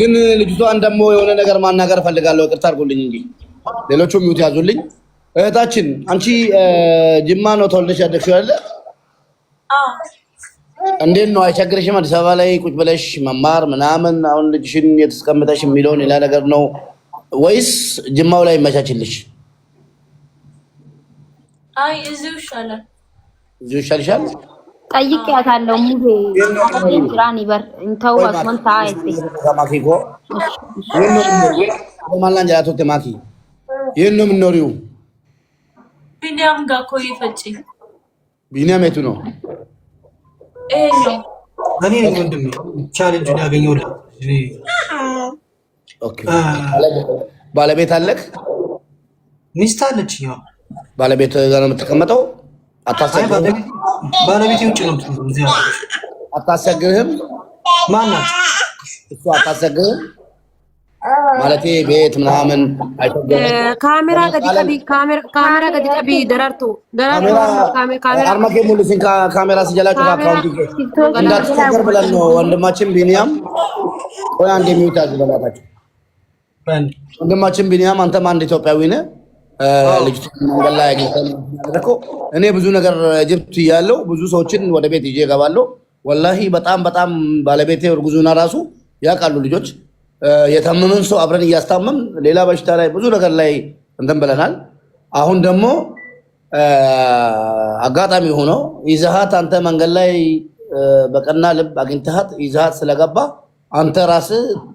ግን ልጅቷን ደግሞ የሆነ ነገር ማናገር ፈልጋለሁ። ቅርታ አርጉልኝ እንጂ ሌሎቹም ሚውት ያዙልኝ። እህታችን አንቺ ጅማ ነው ተወልደሽ ያደግሽው ያለ እንዴት ነው? አይቸግርሽም? አዲስ አበባ ላይ ቁጭ ብለሽ መማር ምናምን። አሁን ልጅሽን የተስቀምጠሽ የሚለውን ሌላ ነገር ነው ወይስ ጅማው ላይ ይመቻችልሽ? አይ እዚሁ ይሻላል፣ እዚሁ ይሻልሻል። ጠይቄያታለሁ። የት ነው የምትኖሪው? ቢኒያም ጋር እኮ ፈጭ። ቢኒያም የቱ ነው? ባለቤት አለክ? ሚስት አለች። ባለቤት ጋር ነው የምትቀመጠው። አታሰብ ባለቤት ውጭ ነው ምትለው። አታሰግህም? ማናት እሱ? አታሰግህም ማለት ቤት ምናምን ካሜራ ገዲ ካሜራ ገዲ ቀቢ ደራርቱ አርማኬ ካሜራ እንዳትቸገር ብለን ነው። ወንድማችን ቢኒያም ቆይ አንድ የሚውት ወንድማችን ቢኒያም አንተም አንድ ኢትዮጵያዊ ነህ ልጅቱ መንገድ ላይ ያደረከው እኔ ብዙ ነገር ጅብት እያለው ብዙ ሰዎችን ወደ ቤት ይዤ እገባለሁ። ወላሂ በጣም በጣም ባለቤቴ እርጉዙና ራሱ ያውቃሉ ልጆች የታመመን ሰው አብረን እያስታመም ሌላ በሽታ ላይ ብዙ ነገር ላይ እንትን ብለናል። አሁን ደግሞ አጋጣሚ ሆኖ ይዘሃት አንተ መንገድ ላይ በቀና ልብ አግኝተሃት ይዘሃት ስለገባ አንተ ራስ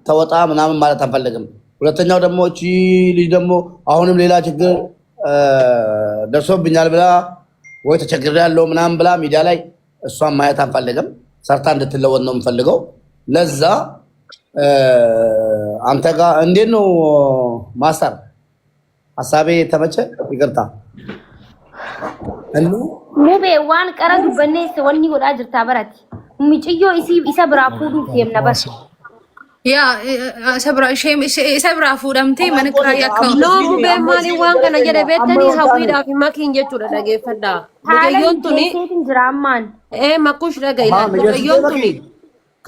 ተወጣ ምናምን ማለት አንፈልግም። ሁለተኛው ደግሞ እቺ ልጅ ደግሞ አሁንም ሌላ ችግር ደርሶብኛል ብላ ወይ ተቸግር ያለው ምናምን ብላ ሚዲያ ላይ እሷን ማየት አንፈልግም። ሰርታ እንድትለወጥ ነው የምፈልገው። ለዛ አንተ ጋ እንዴት ነው ማስተር? ሀሳቤ ተመቸ? ይቅርታ ሙቤ ዋን ቀረዱ በኔ ወኒ ወዳ ጅርታ በረት ሚጭዮ ኢሲ ኢሰ ብራ ፉዱ የምነበስ yaa sabraa fuudhamtee mana kiraayyaa kan noo bubbeen maaliin waan kana jedhe beektanii hawwiidhaaf hima kiin jechuudha dhageeffadha mucayyoon tuni jiraammaan ee makkush dhaga ilaa mucayyoon tuni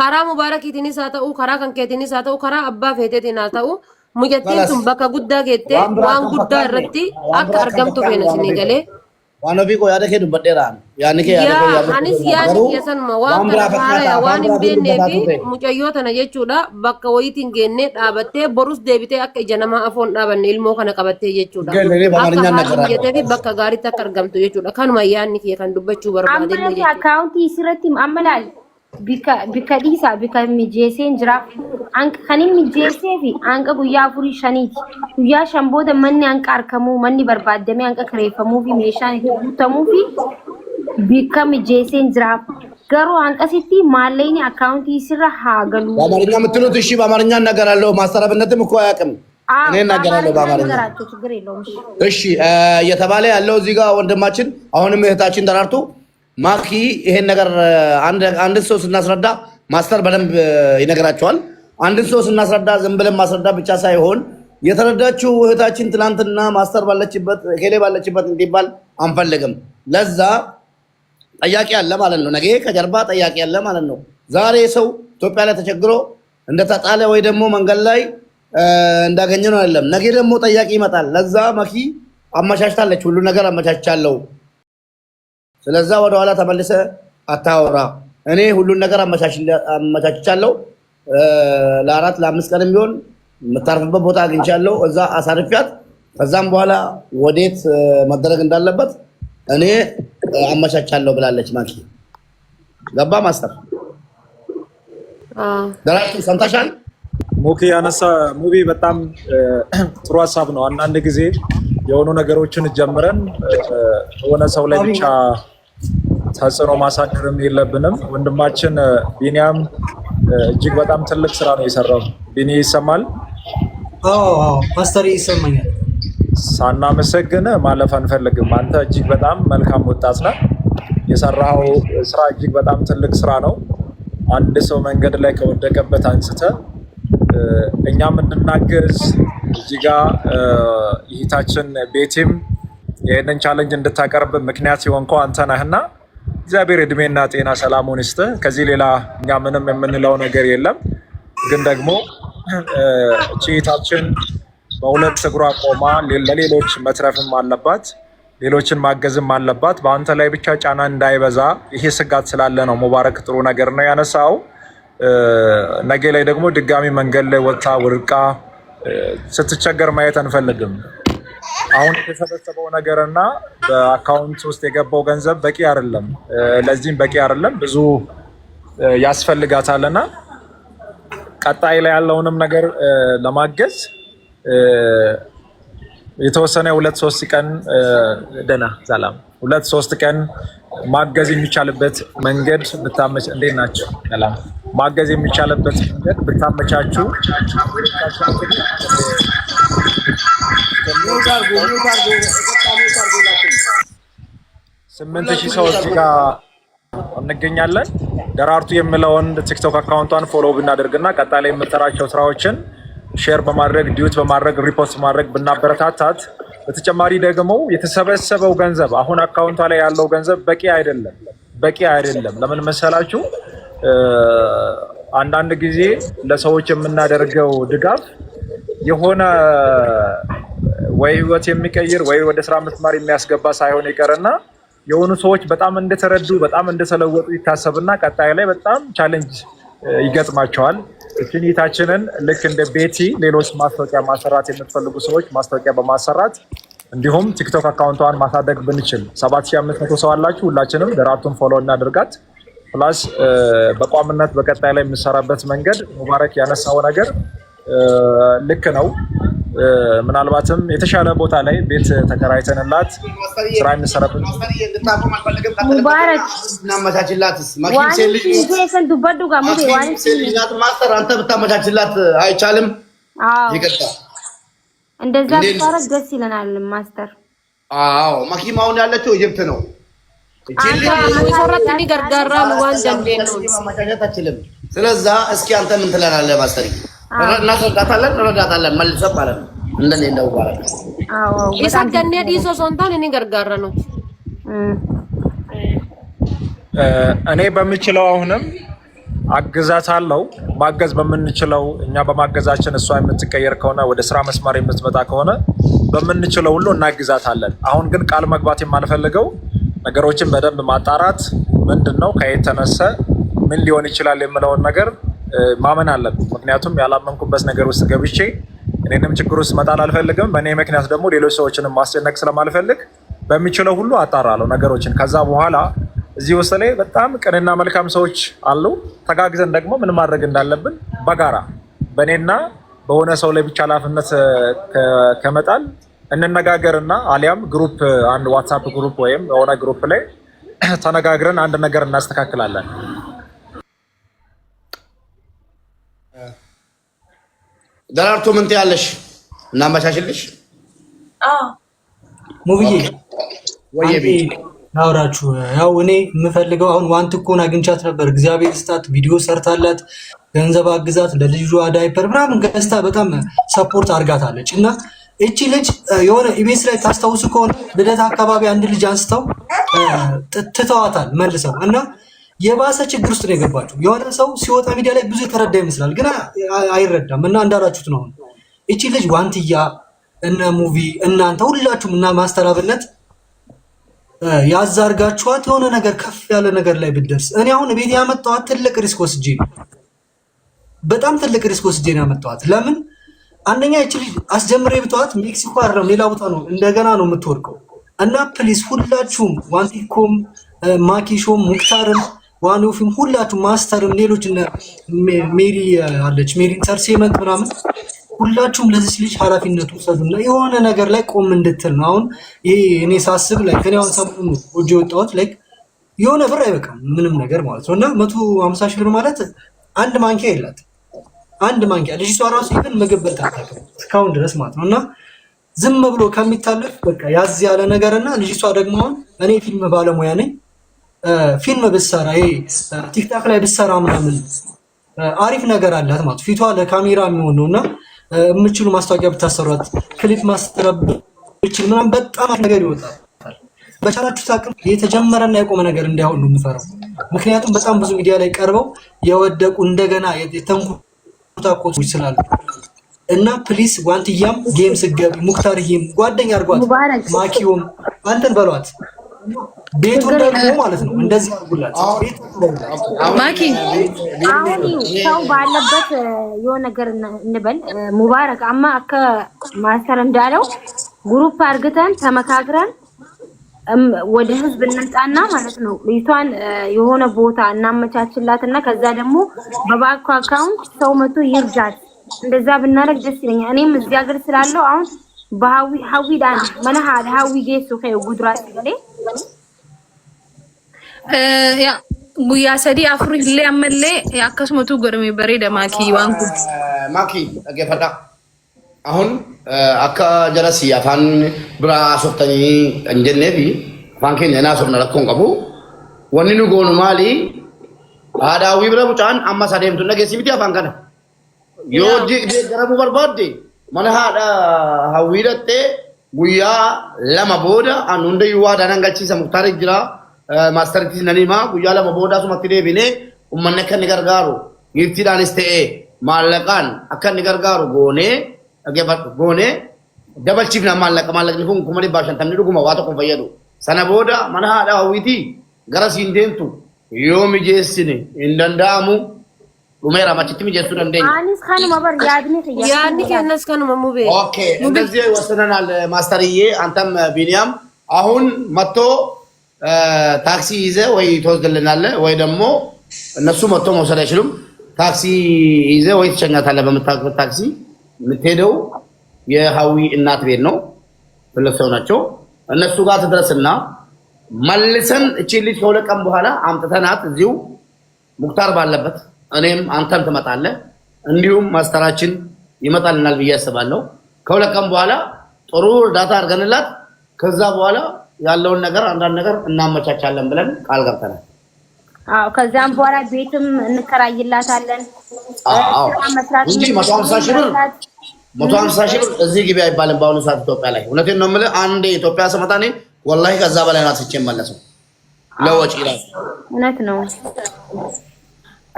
karaa mubaarakiitiinis haa ta'u karaa kan keetiinis haa ta'u karaa abbaa feeteetiin haa ta'u mujattiin tun bakka guddaa geettee waan guddaa irratti akka argamtu feena sinii galee waanofi qoyaada kee dubbadheeraan yaanni kee yaada kee yaada anis yaadni keessanuma waan kana haala waan hin beennee fi mucayyoo tana jechuudha bakka wayiitiin geennee dhaabattee borus deebitee akka ija namaa afoon dhaabanne ilmoo kana qabattee jechuudha akka haala jetee fi bakka gaariitti akka argamtu jechuudha kanuma yaadni kee kan dubbachuu barbaadee jechuudha. Amma akkaawntii isirratti amma laali. bika dhiisaa bika mijeesseen jiraaf kan hin mijeessee fi hanqa guyyaa afurii shaniiti. Guyyaa shan booda manni hanqa harkamuu, manni barbaadamee hanqa kireeffamuu fi meeshaan itti guutamuu fi bika mijeesseen jiraaf. Garuu hanqasitti maalleen akkaawuntii sirra haa galu. በአማርኛ የምትሉት እሺ፣ በአማርኛ እናገራለሁ። ማሰራብነትም እኮ አያውቅም። እኔ እናገራለሁ በአማርኛ። እሺ፣ እየተባለ ያለው እዚህ ጋር ወንድማችን አሁንም እህታችን ተራርቱ ማኪ ይሄን ነገር አንድን ሰው ስናስረዳ ማስተር በደንብ ይነግራቸዋል። አንድን ሰው ስናስረዳ ዝም ብለን ማስረዳ ብቻ ሳይሆን የተረዳችው እህታችን ትናንትና ማስተር ባለችበት ኬሌ ባለችበት እንዲባል አንፈልግም። ለዛ ጠያቂ አለ ማለት ነው። ነገ ከጀርባ ጠያቂ አለ ማለት ነው። ዛሬ ሰው ኢትዮጵያ ላይ ተቸግሮ እንደተጣለ ወይ ደግሞ መንገድ ላይ እንዳገኘ ነው አይደለም። ነገ ደግሞ ጠያቂ ይመጣል። ለዛ መኪ አመቻችታለች፣ ሁሉ ነገር አመቻችቻለሁ ስለዛ ወደኋላ ተመልሰ አታወራ። እኔ ሁሉን ነገር አመቻችቻለሁ። ለአራት ለአምስት ቀን የሚሆን የምታርፍበት ቦታ አግኝቻለሁ። እዛ አሳርፊያት። ከዛም በኋላ ወዴት መደረግ እንዳለበት እኔ አመቻቻለሁ ብላለች። ማኪ ገባ ማስተር ደራርቱ ሰምታሻል። ሙኪ ያነሳ ሙቪ በጣም ጥሩ ሀሳብ ነው። አንዳንድ ጊዜ የሆኑ ነገሮችን ጀምረን የሆነ ሰው ላይ ብቻ ተጽዕኖ ማሳደርም የለብንም። ወንድማችን ቢኒያም እጅግ በጣም ትልቅ ስራ ነው የሰራው። ቢኒ ይሰማል? ፓስተር ይሰማኛል። ሳናመሰግን ማለፍ አንፈልግም። አንተ እጅግ በጣም መልካም ወጣት ነህ። የሰራው ስራ እጅግ በጣም ትልቅ ስራ ነው። አንድ ሰው መንገድ ላይ ከወደቀበት አንስተ እኛም እንድናገዝ እዚህ ጋ ይሂታችን ቤቴም ይህንን ቻለንጅ እንድታቀርብ ምክንያት የሆንከው አንተ ነህና እግዚአብሔር እድሜና ጤና ሰላሙን ይስጥ። ከዚህ ሌላ እኛ ምንም የምንለው ነገር የለም። ግን ደግሞ ችይታችን በሁለት እግሯ ቆማ ለሌሎች መትረፍም አለባት፣ ሌሎችን ማገዝም አለባት። በአንተ ላይ ብቻ ጫና እንዳይበዛ ይሄ ስጋት ስላለ ነው። ሙባረክ ጥሩ ነገር ነው ያነሳው። ነገ ላይ ደግሞ ድጋሚ መንገድ ላይ ወጥታ ወድቃ ስትቸገር ማየት አንፈልግም። አሁን የተሰበሰበው ነገር እና በአካውንት ውስጥ የገባው ገንዘብ በቂ አይደለም፣ ለዚህም በቂ አይደለም፣ ብዙ ያስፈልጋታል እና ቀጣይ ላይ ያለውንም ነገር ለማገዝ የተወሰነ ሁለት ሶስት ቀን ደህና ሰላም ሁለት ሶስት ቀን ማገዝ የሚቻልበት መንገድ ብታመች እንዴት ናቸው? ሰላም ማገዝ የሚቻልበት መንገድ ብታመቻችሁ ስምንት ሺህ ሰው እዚህ ጋር እንገኛለን። ደራርቱ የምለውን ቲክቶክ አካውንቷን ፎሎ ብናደርግና ቀጣይ ላይ የምትሰራቸው ስራዎችን ሼር በማድረግ ዲዩት በማድረግ ሪፖርት በማድረግ ብናበረታታት፣ በተጨማሪ ደግሞ የተሰበሰበው ገንዘብ አሁን አካውንቷ ላይ ያለው ገንዘብ በቂ አይደለም፣ በቂ አይደለም። ለምን መሰላችሁ? አንዳንድ ጊዜ ለሰዎች የምናደርገው ድጋፍ የሆነ ወይ ህይወት የሚቀይር ወይ ወደ ስራ መስማር የሚያስገባ ሳይሆን ይቀርና የሆኑ ሰዎች በጣም እንደተረዱ በጣም እንደተለወጡ ይታሰብና ቀጣይ ላይ በጣም ቻሌንጅ ይገጥማቸዋል። እችን ይታችንን ልክ እንደ ቤቲ ሌሎች ማስታወቂያ ማሰራት የምትፈልጉ ሰዎች ማስታወቂያ በማሰራት እንዲሁም ቲክቶክ አካውንቷን ማሳደግ ብንችል 7500 ሰው አላችሁ። ሁላችንም ደራርቱን ፎሎ እናደርጋት። ፕላስ በቋምነት በቀጣይ ላይ የምሰራበት መንገድ ሙባረክ ያነሳው ነገር ልክ ነው። ምናልባትም የተሻለ ቦታ ላይ ቤት ተከራይተንላት ስራ እንሰራበት አንተ ብታመቻችላት አይቻልም። እንደዛ ብታረግ ደስ ይለናል ማስተር። አዎ መኪማውን ያለችው ነው። ስለዛ እስኪ አንተ ምን ትላለህ እናስረዳታለን ማለት ነው። እንደኔ እንደው ማለት ነው። ገኔ ዲሶ ሶንታን እኔ ነው። እኔ በምችለው አሁንም አግዛታለሁ። ማገዝ በምንችለው እኛ በማገዛችን እሷ የምትቀየር ከሆነ ወደ ስራ መስመር የምትመጣ ከሆነ በምንችለው ሁሉ እናግዛታለን። አሁን ግን ቃል መግባት የማልፈልገው ነገሮችን በደንብ ማጣራት ምንድን ነው ከየት ተነሰ ምን ሊሆን ይችላል የምለውን ነገር ማመን አለብኝ። ምክንያቱም ያላመንኩበት ነገር ውስጥ ገብቼ እኔንም ችግር ውስጥ መጣል አልፈልግም። በእኔ ምክንያት ደግሞ ሌሎች ሰዎችንም ማስጨነቅ ስለማልፈልግ በሚችለው ሁሉ አጣራለሁ ነገሮችን። ከዛ በኋላ እዚህ ውስጥ ላይ በጣም ቅንና መልካም ሰዎች አሉ። ተጋግዘን ደግሞ ምን ማድረግ እንዳለብን በጋራ በእኔና በሆነ ሰው ላይ ብቻ ኃላፊነት ከመጣል እንነጋገርና አሊያም ግሩፕ አንድ ዋትሳፕ ግሩፕ ወይም የሆነ ግሩፕ ላይ ተነጋግረን አንድ ነገር እናስተካክላለን። ደራርቱ ምን ትያለሽ? እናመቻችልሽ ሙብዬ ወየ ቤት አውራችሁ ያው እኔ የምፈልገው አሁን ዋንት እኮን አግኝቻት ነበር። እግዚአብሔር ስጣት፣ ቪዲዮ ሰርታላት፣ ገንዘብ አግዛት፣ ለልጇ ዳይፐር ምናምን ገዝታ በጣም ሰፖርት አድርጋታለች። እና እቺ ልጅ የሆነ ኢቤስ ላይ ታስታውሱ ከሆነ ልደት አካባቢ አንድ ልጅ አንስተው ትተዋታል መልሰው እና የባሰ ችግር ውስጥ ነው የገባችሁ። የሆነ ሰው ሲወጣ ሚዲያ ላይ ብዙ የተረዳ ይመስላል፣ ግን አይረዳም። እና እንዳላችሁት ነው። እቺ ልጅ ዋንትያ፣ እነ ሙቪ፣ እናንተ ሁላችሁም እና ማስተራብነት ያዛርጋችኋት የሆነ ነገር ከፍ ያለ ነገር ላይ ብትደርስ። እኔ አሁን ቤት ያመጣኋት ትልቅ ሪስክ ወስጄ ነው፣ በጣም ትልቅ ሪስክ ወስጄ ነው ያመጣኋት። ለምን አንደኛ እቺ ልጅ አስጀምሬ ብተዋት ሜክሲኮ አይደለም ሌላ ቦታ ነው እንደገና ነው የምትወድቀው። እና ፕሊስ ሁላችሁም ዋንቲኮም፣ ማኪሾም፣ ሙክታርም ዋን ኦፍም ሁላችሁ ማስተርም ሌሎች ሜሪ አለች ሜሪ ኢንተርሴመንት ምናምን ሁላችሁም ለዚህ ልጅ ኃላፊነት ውሰዱና የሆነ ነገር ላይ ቆም እንድትል ነው። አሁን ይሄ እኔ ሳስብ ላይ ከኔ አሁን ሰሞኑ ጎጆ የወጣሁት ላይ የሆነ ብር አይበቃም ምንም ነገር ማለት ነው እና መቶ ሀምሳ ሺህ ብር ማለት አንድ ማንኪያ የላት አንድ ማንኪያ ልጅቷ ራሱ ይህን ምግብ በልታ አታውቅም እስካሁን ድረስ ማለት ነው እና ዝም ብሎ ከሚታለፍ በቃ ያዝ ያለ ነገር እና ልጅቷ ደግሞ አሁን እኔ ፊልም ባለሙያ ነኝ ፊልም ብሰራ ይሄ ቲክታክ ላይ ብሰራ ምናምን አሪፍ ነገር አላት ማለት ፊቷ ለካሜራ የሚሆን ነው እና የምችሉ ማስታወቂያ ብታሰሯት ክሊፕ ማስተረብ ብችል ምናምን በጣም አሪፍ ነገር ይወጣል። በቻላችሁት አቅም የተጀመረና የቆመ ነገር እንዳይሆን ነው የምፈራው። ምክንያቱም በጣም ብዙ ሚዲያ ላይ ቀርበው የወደቁ እንደገና የተንኮታኮቶች ስላሉ እና ፕሊስ ዋንትያም ጌም ስገቢ ሙክታርዬም ጓደኛ አድርጓት ማኪዮም አንተን በሏት ቤቱ ደግሞ ማለት ነው እንደዚህ አድርጉላቸው። ማኪ አሁን ሰው ባለበት የሆነ ነገር እንበል። ሙባረክ አማ አከ ማስተር እንዳለው ግሩፕ አርግተን ተመካክረን ወደ ህዝብ እንምጣና ማለት ነው ልጅቷን የሆነ ቦታ እናመቻችላት እና ከዛ ደግሞ በባንኩ አካውንት ሰው መቶ ይርዳል። እንደዛ ብናደርግ ደስ ይለኛል። እኔም እዚህ ሀገር ስላለው አሁን bahawii hawwiidhaan mana haadha hawwii geessu ka'e guduraati malee. Guyyaa sadii afur illee ammallee akkasumatu godhame bareeda maakii waan kun. Maakii dhaggeeffadhaa. Ahun akka jalasi afaan biraa haasoftanii hin jennee fi afaan keenya hin haasofna rakkoon qabu. Wanni nu goonu maali? Haadha hawwii bira bucaan amma sadeemtuun dhageessi miti afaan kana. Yoo gara buu barbaadde. mana haadha hawwiidhattee guyyaa lama booda an hundayyuu waa danan galchiisa muktaara jira maastariitis nan himaa guyyaa lama booda asumatti deebinee ummanni akka inni gargaaru giiftiidhaanis ta'e maallaqaan akka inni gargaaru goonee goonee dabalchiifna maallaqa maallaqni kun kuma dhibbaa shantamni dhuguma waa tokko fayyadu sana booda mana haadha hawwiitii gara siin deemtu yoo mijeessine hin danda'amu ኡሜራ ማችትም ጀሱ ደንደኝ አኒስ ካኑ ማበር ያድኒ ተያ ያድኒ ከነስ ካኑ ማሙቤ ኦኬ እንደዚህ ወሰነናል። ማስተርዬ አንተም ቢኒያም አሁን መጥቶ ታክሲ ይዘ ወይ ትወስድልናለህ ወይ ደግሞ እነሱ መጥቶ መውሰድ አይችሉም። ታክሲ ይዘ ወይ ትሸኛታለህ። በምታውቅበት ታክሲ የምትሄደው የሀዊ እናት ቤት ነው። ሁለት ናቸው። እነሱ ጋር ትድረስና መልሰን እቺ ልጅ ከሁለት ቀን በኋላ አምጥተናት እዚሁ ሙክታር ባለበት እኔም አንተም ትመጣለህ፣ እንዲሁም ማስተራችን ይመጣልናል ብዬ አስባለሁ። ከሁለት ቀን በኋላ ጥሩ እርዳታ አድርገንላት ከዛ በኋላ ያለውን ነገር አንዳንድ ነገር እናመቻቻለን ብለን ቃል ገብተናል። አዎ ከዛም በኋላ ቤትም እንከራይላታለን። አዎ እንጂ መቶ ሀምሳ ሺህ ብር መቶ ሀምሳ ሺህ ብር እዚህ ግቢ አይባልም በአሁኑ ሰዓት ኢትዮጵያ ላይ። እውነቴን ነው የምልህ፣ አንዴ ኢትዮጵያ ስመጣ እኔ ወላሂ ከዛ በላይ ናስቼ መለሰው ለወጪ ላይ እውነት ነው።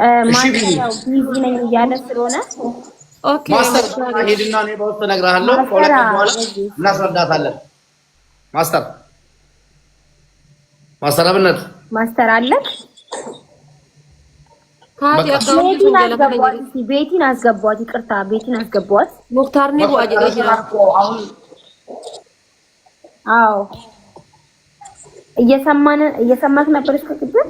እያለ ስለሆነ ኦኬ፣ ማስተር ማስተር አለ። ቤቲን አስገቧት። ይቅርታ ቤቲን አስገቧት። ሙክታር ነው ዋጅ አዎ፣ እየሰማን እየሰማክ ነበር እስከ ቅድም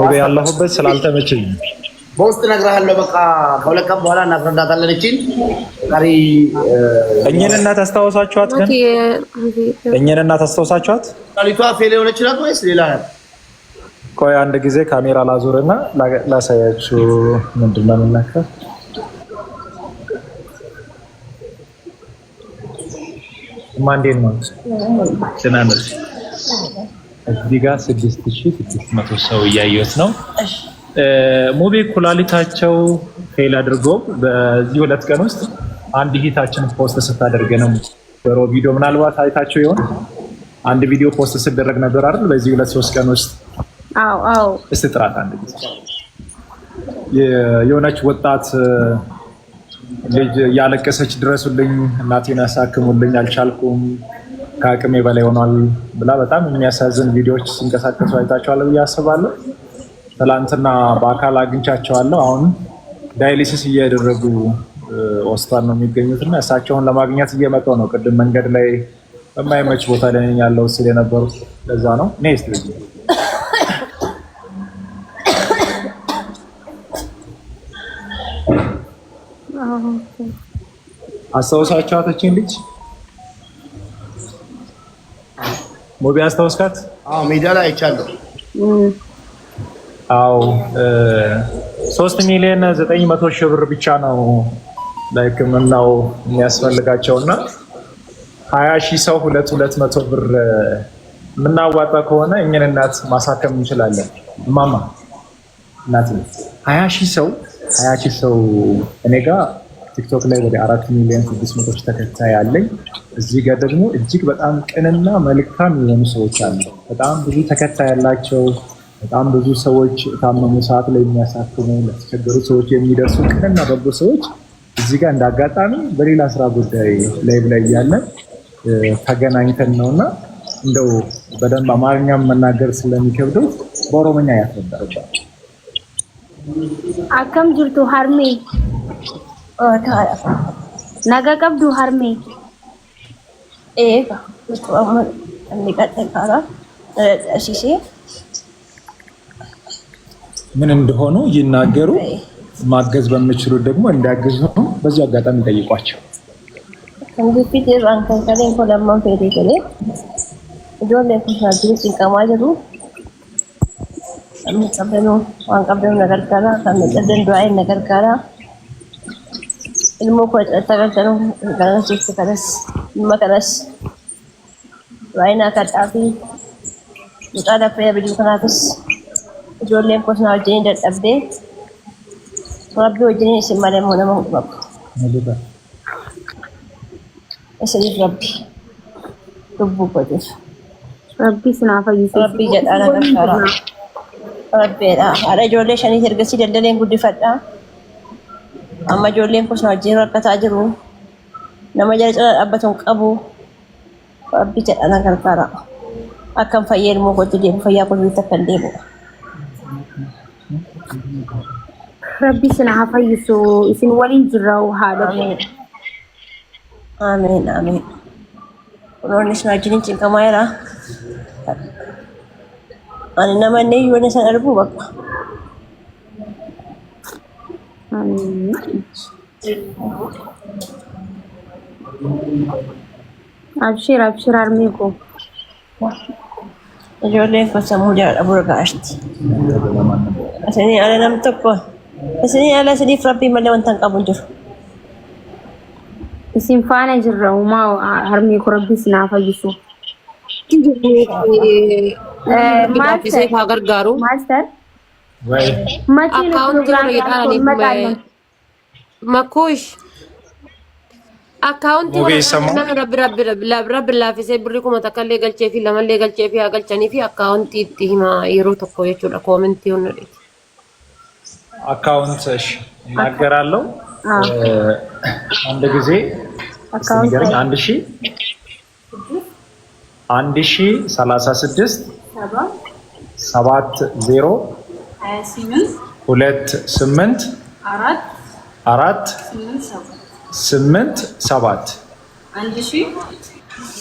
ውቤ ያለሁበት ስላልተመቸኝ በውስጥ እነግርሃለሁ። በቃ ከሁለት ቀን በኋላ እናስረዳታለን። እችን ቀሪ እኝን እናት አስታውሳችኋት ግን እኝን እናት አስታውሳችኋት ቀሪቷ ፌል የሆነች ናት ወይስ ሌላ ቆይ አንድ ጊዜ ካሜራ ላዞርና ላሳያችሁ። ምንድን ነው የምናከው? ማንዴን ነው ስናነሱ እዚህ ጋር ስድስት ሺህ ስድስት መቶ ሰው እያየሁት ነው። ሙቤ ኩላሊታቸው ፌል አድርጎ በዚህ ሁለት ቀን ውስጥ አንድ ሂታችን ፖስት ስታደርገ ነው በሮ ቪዲዮ ምናልባት አይታቸው ይሆን? አንድ ቪዲዮ ፖስት ስደረግ ነበር አይደል? በዚህ ሁለት ሶስት ቀን ውስጥ አዎ፣ አዎ። እስቲ ጥራት አንድ ጊዜ የሆነች ወጣት ልጅ ያለቀሰች ድረሱልኝ፣ እናቴን ያሳክሙልኝ፣ አልቻልኩም ከአቅሜ በላይ ሆኗል ብላ በጣም የሚያሳዝን ቪዲዮዎች ሲንቀሳቀሱ አይታቸዋለሁ ብዬ አስባለሁ። ትላንትና በአካል አግኝቻቸዋለሁ። አሁን ዳይሊሲስ እያደረጉ ሆስፒታል ነው የሚገኙት እና እሳቸውን ለማግኘት እየመጣሁ ነው። ቅድም መንገድ ላይ በማይመች ቦታ ላይ ያለው ስል የነበሩት ለዛ ነው። ኔክስት አስታውሳቸዋት ልጅ ሙቢ አስታውስካት? አዎ፣ ሜዳ ላይ አይቻለሁ። አዎ፣ ሶስት ሚሊዮን ዘጠኝ መቶ ሺህ ብር ብቻ ነው ለሕክምናው የሚያስፈልጋቸውና ሀያ ሺህ ሰው ሁለት ሁለት መቶ ብር የምናዋጣ ከሆነ እኛን እናት ማሳከም እንችላለን። እማማ እናት ሀያ ሺህ ሰው ሀያ ሺህ ሰው እኔ ጋር ቲክቶክ ላይ ወደ አራት ሚሊዮን ስድስት መቶ ተከታይ አለኝ እዚህ ጋር ደግሞ እጅግ በጣም ቅንና መልካም የሆኑ ሰዎች አሉ። በጣም ብዙ ተከታይ ያላቸው በጣም ብዙ ሰዎች የታመሙ ሰዓት ላይ የሚያሳክሙ ለተቸገሩ ሰዎች የሚደርሱ ቅንና በጎ ሰዎች እዚህ ጋር እንዳጋጣሚ በሌላ ስራ ጉዳይ ላይ ላይ እያለን ተገናኝተን ነው እና እንደው በደንብ አማርኛም መናገር ስለሚከብደው በኦሮመኛ ያስረዳቸው አከም ጅርቱ ሀርሜ ነገ ቀብዱ ሀርሜ Eva, nuestro amor, ሲሴ ምን እንደሆኑ ይናገሩ፣ ማገዝ በሚችሉ ደግሞ እንዲያግዙ በዚህ አጋጣሚ ጠይቋቸው። ነገር makaras baay'inaa kadhaa fi mucaa laffee abiduu kanaafis ijoolleen kosnaa wajjiniin dadhabdee rabbii wajjiniin isin malee immoo nama hin qabu. Isiniif rabbi lubbuu godhuuf. Rabbi sinaa fayyisuu. Rabbii jedhaa nagarkaaraa. Rabbeedha. Haadha ijoollee shaniis ergasii daldaleen guddifadhaa. Amma ijoolleen kosnaa wajjin rakkataa jiru. nama jala dhaabbatan qabu abbi jedhana gargaara akkan fayyeenmoo gochuu deemu fayyaa gurbiitti akkan deemudha. Rabbi isin haa fayyisu isin waliin jirra haadha. Amiin amiin. Kunoonni isin wajjiniin cinqamaa jira. Ani nama inni iyyuu inni isaan darbuu bakka. Amiin. አብሽር አብሽር አርሚጎ ijoolleen gosa muudadha burgaashti. Isinii ala nam tokko isinii ala sadiif rabbii malee wanta hin qabu jiru. Isin faana jirra uumaa harmii ko rabbii isinaaf hayyisu. Maastar. Maastar. Maastar. Maastar. Maastar. Maastar. Maastar. Maastar. አካውንት ረብረብ ረብ ላፊሴ ገልቼፊ ለመሌ ገልቼፊ አገልቸኒፊ አካውንቲ ቲ የሮ ቶኮ የቹ ኮመንቲ ሆነ አካውንት እሺ እናገራለሁ። አንድ ጊዜ አንድ ሺ አንድ ሺ ሰላሳ ስድስት ሰባት ዜሮ ሁለት ስምንት አራት አራት ስምንት ሰባት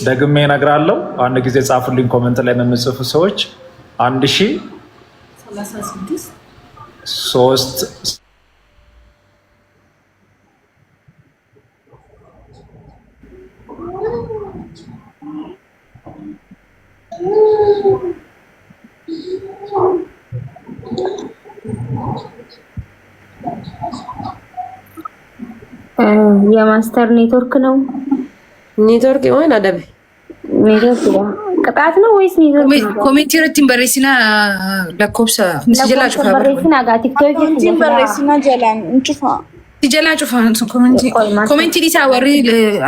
ደግሜ እነግራለሁ። አንድ ጊዜ ጻፉልኝ ኮመንት ላይ የምጽፉ ሰዎች አንድ ሺህ ሶስት የማስተር ኔትወርክ ነው። ኔትወርክ ይሆን አደብ ኔትወርክ ቅጣት ነው ወይስ ኔትወርክ ነው? ኮሜንቲ ረቲን በሬሲና ለኮብሰ ምስጀላ ጩፋ በሬሲና ጋ ቲክቶክ ኮሜንቲ በሬሲና ጀላን እንጩፋ ሲጀላ ጩፋ ኮሜንቲ ኮሜንቲ ዲሳ ወሪ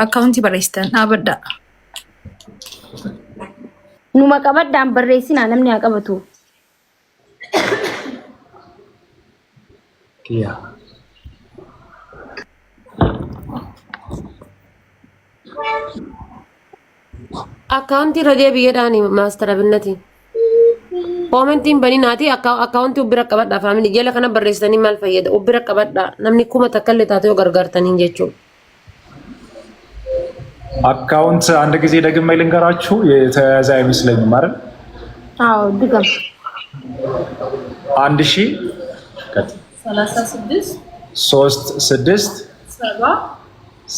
አካውንቲ በሬስተን አበዳ ኑማ ቀበዳን በሬሲና ለምን ያቀበቱ ያ akkaawuntii irra deebi'eedhaan maastarabinnati. Koomentiin banii naati akkaawuntii ubbira qabadhaa faamilii jala kana barreessitanii maal fayyada ubbira qabadhaa namni kuma takka illee taate yoo gargaartaniin jechuudha. አካውንት አንድ ጊዜ ደግሜ ልንገራችሁ፣ የተያዘ አይመስለኝም አይደል? አዎ ድገም። አንድ ሺ ሶስት ስድስት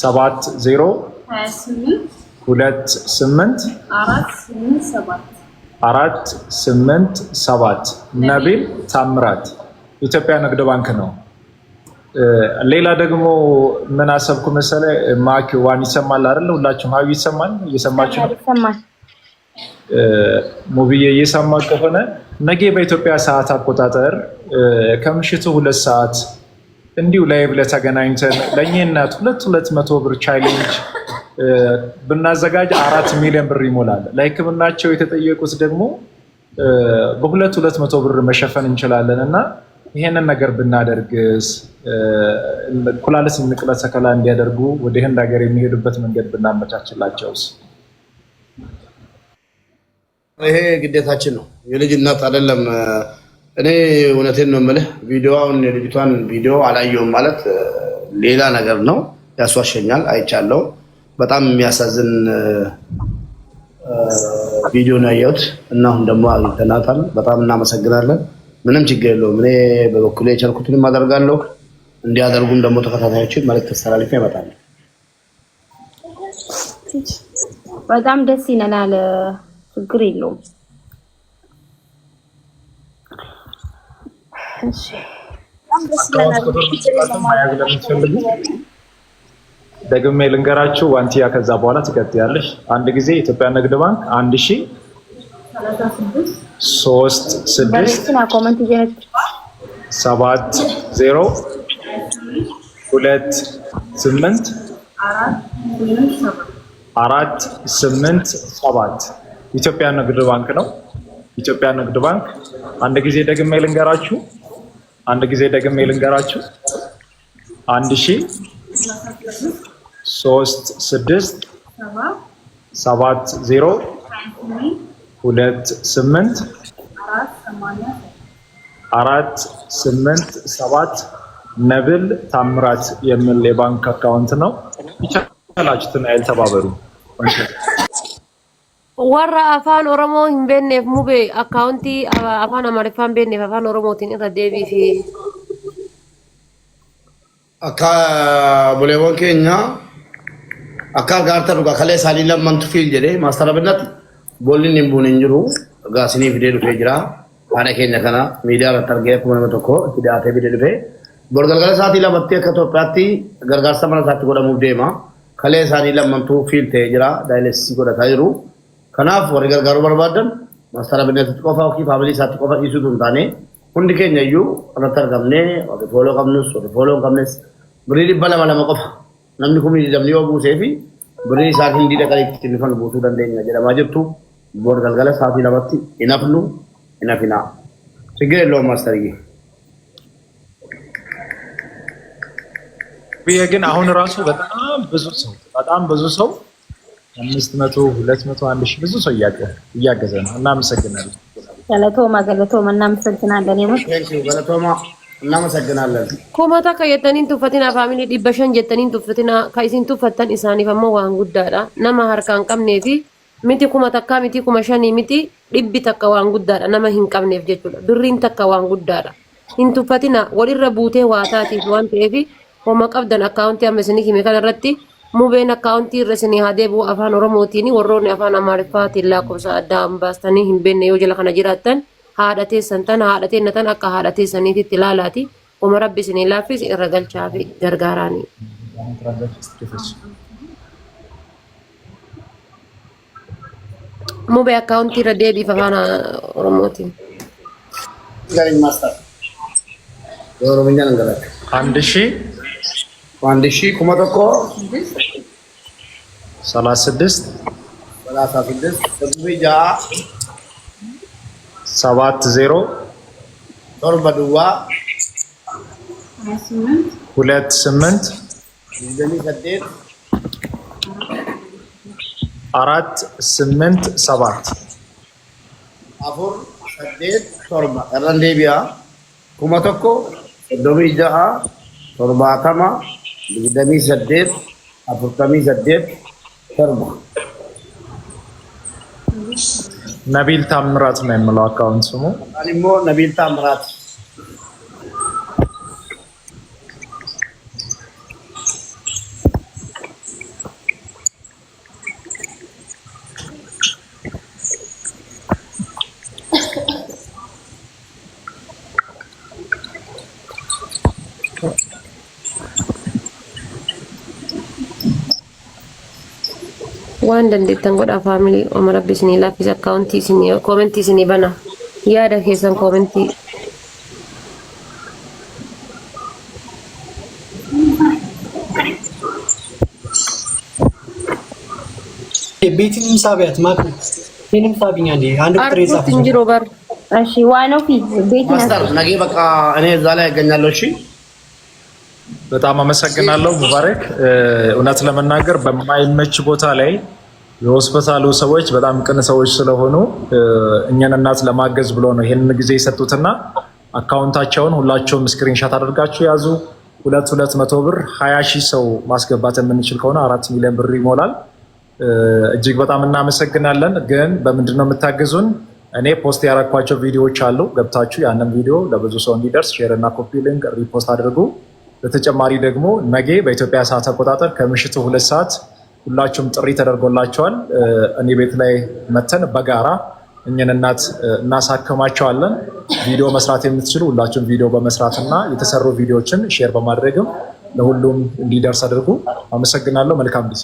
ሰባት ዜሮ ሁለት ስምንት አራት ስምንት ሰባት ነቢል ታምራት ኢትዮጵያ ንግድ ባንክ ነው። ሌላ ደግሞ ምን አሰብኩ መሰለ ማኪ ዋን ይሰማል አይደል? ሁላችሁም ሀዩ ይሰማል። እየሰማችሁ ነው ሙብዬ እየሰማ ከሆነ ነገ በኢትዮጵያ ሰዓት አቆጣጠር ከምሽቱ ሁለት ሰዓት እንዲሁ ላይ ብለ ተገናኝተን ለእኔ እናት ሁለት ሁለት መቶ ብር ቻሌንጅ ብናዘጋጅ አራት ሚሊዮን ብር ይሞላል። ለህክምናቸው የተጠየቁት ደግሞ በሁለት ሁለት መቶ ብር መሸፈን እንችላለን እና ይሄንን ነገር ብናደርግስ ኩላለስ ንቅለ ሰከላ እንዲያደርጉ ወደ ህንድ ሀገር የሚሄዱበት መንገድ ብናመቻችላቸውስ? ይሄ ግዴታችን ነው። የልጅ እናት አይደለም። እኔ እውነቴን ነው የምልህ፣ ቪዲዮውን የልጅቷን ቪዲዮ አላየውም ማለት ሌላ ነገር ነው። ያስዋሸኛል። አይቻለሁ በጣም የሚያሳዝን ቪዲዮ ነው ያየሁት እና አሁን ደግሞ አግኝተናታል። በጣም እናመሰግናለን። ምንም ችግር የለውም። እኔ በበኩሌ የቻልኩትንም አደርጋለሁ። እንዲያደርጉም ደግሞ ተከታታዮችን መልዕክት አስተላልፌ ይመጣል። በጣም ደስ ይለናል። ችግር የለውም። እሺ ደግሜ ልንገራችሁ ዋንቲያ፣ ከዛ በኋላ ትቀጥያለሽ። አንድ ጊዜ ኢትዮጵያ ንግድ ባንክ አንድ ሺ ሶስት ስድስት ሰባት ዜሮ ሁለት ስምንት አራት ስምንት ሰባት ኢትዮጵያ ንግድ ባንክ ነው። ኢትዮጵያ ንግድ ባንክ አንድ ጊዜ ደግሜ ልንገራችሁ አንድ ጊዜ ደግሜ ልንገራችሁ አንድ ሺ ሶስት ስድስት ሰባት ዜሮ ሁለት ስምንት አራት ስምንት ሰባት ነብል ታምራት የሚል የባንክ አካውንት ነው። ይቻላችሁትን አይል ተባበሩ። ወራ አፋን ኦሮሞ ሂንቤኔፍ ሙቤ አካውንቲ አፋን አማሪፋ ሂንቤኔፍ አፋን ኦሮሞቲን ኢራ ዴቢኢ ፊ akka buleewwan keenya akka argaartan dhugaa kalee isaanii lamantu fiil jedhee maastara binnatti boolli nimbuun hin jiru gaasinii fidee dhufee jira haadha keenya kana miidiyaa irratti argee akkuma nama tokko itti dhiyaatee fidee dhufee borgalgala isaatii lamatti akka Itoophiyaatti gargaarsa mana isaatti godhamuuf deema kalee isaanii lamantuu fiil ta'ee jira daayilesisii godhataa jiru kanaaf warri gargaaruu barbaadan maastara binnatti qofa yookiin faamilii isaatti qofa dhiisuutu hin taane hundi keenya iyyuu irratti argamnee warri fooloo qabnus warri fooloo hin qabnes birrii dhibba lama lama qofa namni kun hidhamni yoo buusee fi birrii isaatiin diida qaliitti cimifan buusuu dandeenya jedhamaa jirtu boor galgala sa'aatii lamatti hin hafnu hin hafinaa. ችግር የለውም ማስተርዬ። ይሄ ግን አሁን ራሱ በጣም ብዙ ሰው በጣም ብዙ ሰው አምስት መቶ ሁለት መቶ አንድ ሺህ ብዙ ሰው እያገዘ ነው። እናመሰግናለን። ገለቶማ ገለቶማ እናመሰግናለን። ገለቶማ እናመሰግናለን። ኩመታ ከየተኒን ቱፈቲና ፋሚሊ ዲበሸን ጀተኒን ቱፈቲና ከኢሲን ቱፈተን ኢሳኒፍ አሞ ዋን ጉዳዳ ነማ ሀርካን ቀምኔፊ miti kuma takka miti kuma shanii miti dhibbi takka waan guddaadha nama hin qabneef jechuudha birriin takka waan guddaadha hin tuffatina walirra buutee waa taatiif waan ta'eef homa qabdan akkaawuntii amma isinii hime kana irratti mubeen akkaawuntii irra isinii haa deebi'u afaan oromootiin warroonni afaan amaariffaatiin lakkoofsa addaa baastanii hin beenne yoo jala kana jiraattan haadha teessan tana haadha teenna tan akka haadha teessaniititti ilaalaati uma rabbi isinii laaffis irra galchaa fi gargaaraani. Mube akkaawuntii irra deebii fafaana Oromootiin. የኦሮምኛ ነገራቸው አንድ ሺ አንድ ሺ ኩመተኮ ሰላሳ ስድስት ሰላሳ ስድስት ሰባት ዜሮ ጦርበድዋ ሁለት ስምንት አራት ስምንት ሰባት አፉር ሰዴት ቶርባ ረንዴቢያ ኩመቶኮ ሶዶሚ ጃአ ቶርባተማ ድግደሚ ሰዴት አፉርተሚ ሰዴት ቶርባ ነቢል ታምራት ነው የምለው አካውንት ስሙ። እኔም ነቢል ታምራት dandeettan godhaa faamilii oma rabbi isinii laaffis akkaawuntii isinii koomentii isinii bana yaada keessan koomentii. ቤትንም ሳቢያት ማ ቤትንም ሳቢኛ እንዴ አንድ ቁጥር የጻፍ እንጅሮ በር እሺ፣ ዋናው ፊት ቤት ማስተር ነገ በቃ እኔ እዛ ላይ ያገኛለሁ። እሺ በጣም አመሰግናለሁ ሙባረክ። እውነት ለመናገር በማይመች ቦታ ላይ የሆስፒታሉ ሰዎች በጣም ቅን ሰዎች ስለሆኑ እኛን እናት ለማገዝ ብሎ ነው ይህንን ጊዜ የሰጡትና አካውንታቸውን ሁላቸውም ስክሪንሻት አድርጋችሁ ያዙ። ሁለት ሁለት መቶ ብር ሀያ ሺህ ሰው ማስገባት የምንችል ከሆነ አራት ሚሊዮን ብር ይሞላል። እጅግ በጣም እናመሰግናለን። ግን በምንድን ነው የምታግዙን? እኔ ፖስት ያረኳቸው ቪዲዮዎች አሉ። ገብታችሁ ያንን ቪዲዮ ለብዙ ሰው እንዲደርስ ሼር እና ኮፒ ሊንክ ሪፖስት አድርጉ። በተጨማሪ ደግሞ ነገ በኢትዮጵያ ሰዓት አቆጣጠር ከምሽቱ ሁለት ሰዓት ሁላችሁም ጥሪ ተደርጎላቸዋል። እኔ ቤት ላይ መተን በጋራ እኛን እናት እናሳክማቸዋለን። ቪዲዮ መስራት የምትችሉ ሁላችሁም ቪዲዮ በመስራትና የተሰሩ ቪዲዮዎችን ሼር በማድረግም ለሁሉም እንዲደርስ አድርጉ። አመሰግናለሁ። መልካም ጊዜ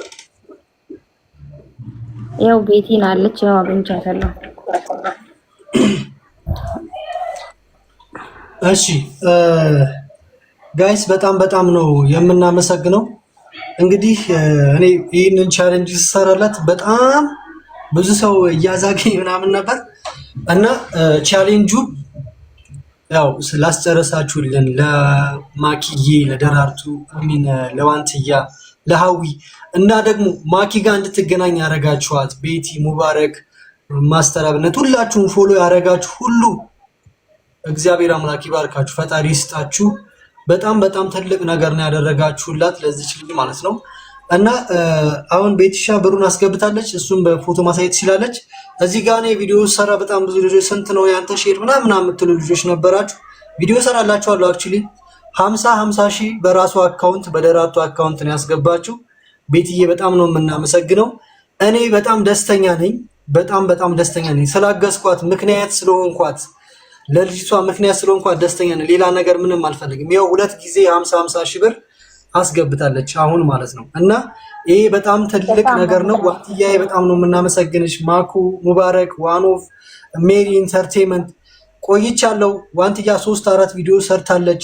ያው ቤቲን አለች፣ ያው አግኝቻታለሁ። እሺ ጋይስ በጣም በጣም ነው የምናመሰግነው። እንግዲህ እኔ ይህንን ቻሌንጅ ስሰራላት በጣም ብዙ ሰው እያዛገኝ ምናምን ነበር እና ቻሌንጁ ያው ስላስጨረሳችሁልን ለማኪዬ ለደራርቱ ሚን ለዋንትያ ለሀዊ እና ደግሞ ማኪ ጋር እንድትገናኝ ያደረጋችኋት ቤቲ ሙባረክ፣ ማስተራብነት ሁላችሁን ሁላችሁም ፎሎ ያደረጋችሁ ሁሉ እግዚአብሔር አምላክ ይባርካችሁ፣ ፈጣሪ ይስጣችሁ። በጣም በጣም ትልቅ ነገር ነው ያደረጋችሁላት ለዚች ልጅ ማለት ነው። እና አሁን ቤትሻ ብሩን አስገብታለች። እሱም በፎቶ ማሳየት ትችላለች። እዚህ ጋር ነው ቪዲዮ ሰራ። በጣም ብዙ ልጆች ስንት ነው ያንተ ሼር ምናምን የምትሉ ልጆች ነበራችሁ። ቪዲዮ ሰራላችኋለሁ አክቹሊ ሀምሳ ሀምሳ ሺህ በራሱ አካውንት በደራቱ አካውንት ነው ያስገባችሁ። ቤትዬ በጣም ነው የምናመሰግነው። እኔ በጣም ደስተኛ ነኝ። በጣም በጣም ደስተኛ ነኝ ስላገዝኳት፣ ምክንያት ስለሆንኳት፣ ለልጅቷ ምክንያት ስለሆንኳት ደስተኛ ነኝ። ሌላ ነገር ምንም አልፈልግም። ያው ሁለት ጊዜ ሀምሳ ሀምሳ ሺህ ብር አስገብታለች አሁን ማለት ነው። እና ይሄ በጣም ትልቅ ነገር ነው። ዋትያዬ በጣም ነው የምናመሰግንሽ። ማኩ ሙባረክ፣ ዋኖፍ ሜሪ ኢንተርቴንመንት ቆይቻለሁ። ዋንትያ ሶስት አራት ቪዲዮ ሰርታለች።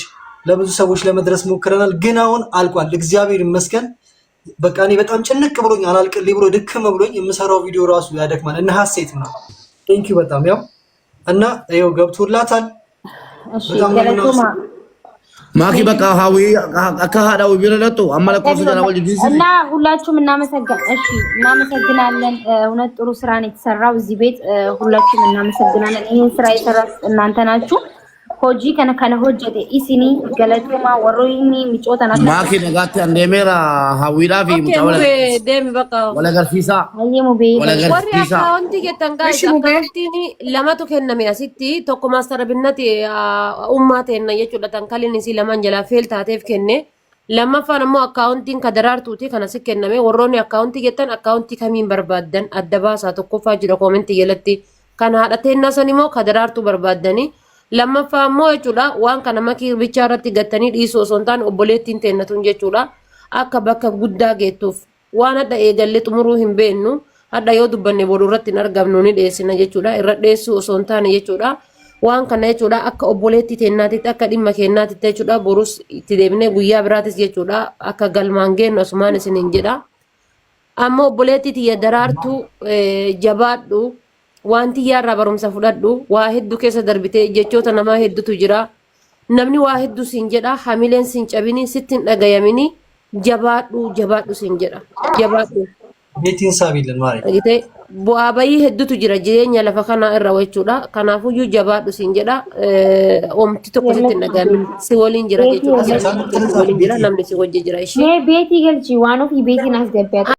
ለብዙ ሰዎች ለመድረስ ሞክረናል፣ ግን አሁን አልቋል። እግዚአብሔር ይመስገን። በቃ እኔ በጣም ጭንቅ ብሎኝ አላልቅልኝ ብሎ ድክም ብሎኝ የምሰራው ቪዲዮ ራሱ ያደክማል። እና ሀሴት ነው ቴንኪው በጣም ያው እና ይኸው ገብቶላታል። ማኪ በቃ ሀዊ አካሃዳዊ ቢረለጡ እና ሁላችሁም እናመሰግናለን። እውነት ጥሩ ስራ ነው የተሰራው እዚህ ቤት። ሁላችሁም እናመሰግናለን። ይህን ስራ የሰራ እናንተ ናችሁ። hojii kana kana hojjete isini galatuma warroonni micoota nagaa maaki nagaatti an deemeera hawwiidhaa fi wal agarsiisaa wal agarsiisaa akaawuntii kettan gaa'is akaawuntiin lamatu kenname asitti tokko maastara binnati ummaa teenna jechuudha tan kaliin isii lamaan jalaa feel taateef kenne lammaffaan ammoo akaawuntiin ka daraartuuti kana si kenname warroonni akaawuntii jettan akaawuntii kamiin barbaaddan adda baasaa tokkoffaa jira koomentii jalatti kan haadha teennaa san immoo ka daraartuu barbaaddanii lammaffaa immoo jechuudha waan kana makii bichaa irratti gattanii dhiisuu osoo hin taane obboleettiin teennatuun jechuudha akka bakka guddaa geettuuf waan hadha eegallee xumuruu hin beennu hadha yoo dubbanne boodu irratti hin argamnu ni dhiyeessina jechuudha irra dhiyeessuu osoo hin taane jechuudha. waan kana jechuudha akka obboleetti teennaatitti akka dhimma keennaatitti jechuudha borus itti deebinee guyyaa biraatis jechuudha akka galmaan geennu asumaan isin hin jedha. Amma obboleetti tiyya daraartuu jabaadhu wanti yaarraa barumsa fudhadhu waa hedduu keessa darbite jechoota namaa hedduutu jira namni waa hedduu siin jedha hamileen siin cabini sitti hin dhagayamini jabaadhu jabaadhu siin jedha jabaadhu. Niitiin saabiilan maali? Bu'aa bayii hedduutu jira jireenya lafa kanaa irra wachuudha kanaafuyyuu jabaadhu siin jedha oomti tokko sitti hin dhagayamini si waliin jira jechuudha namni si wajji jira beetii galchi waan ofii beetii as gabbata.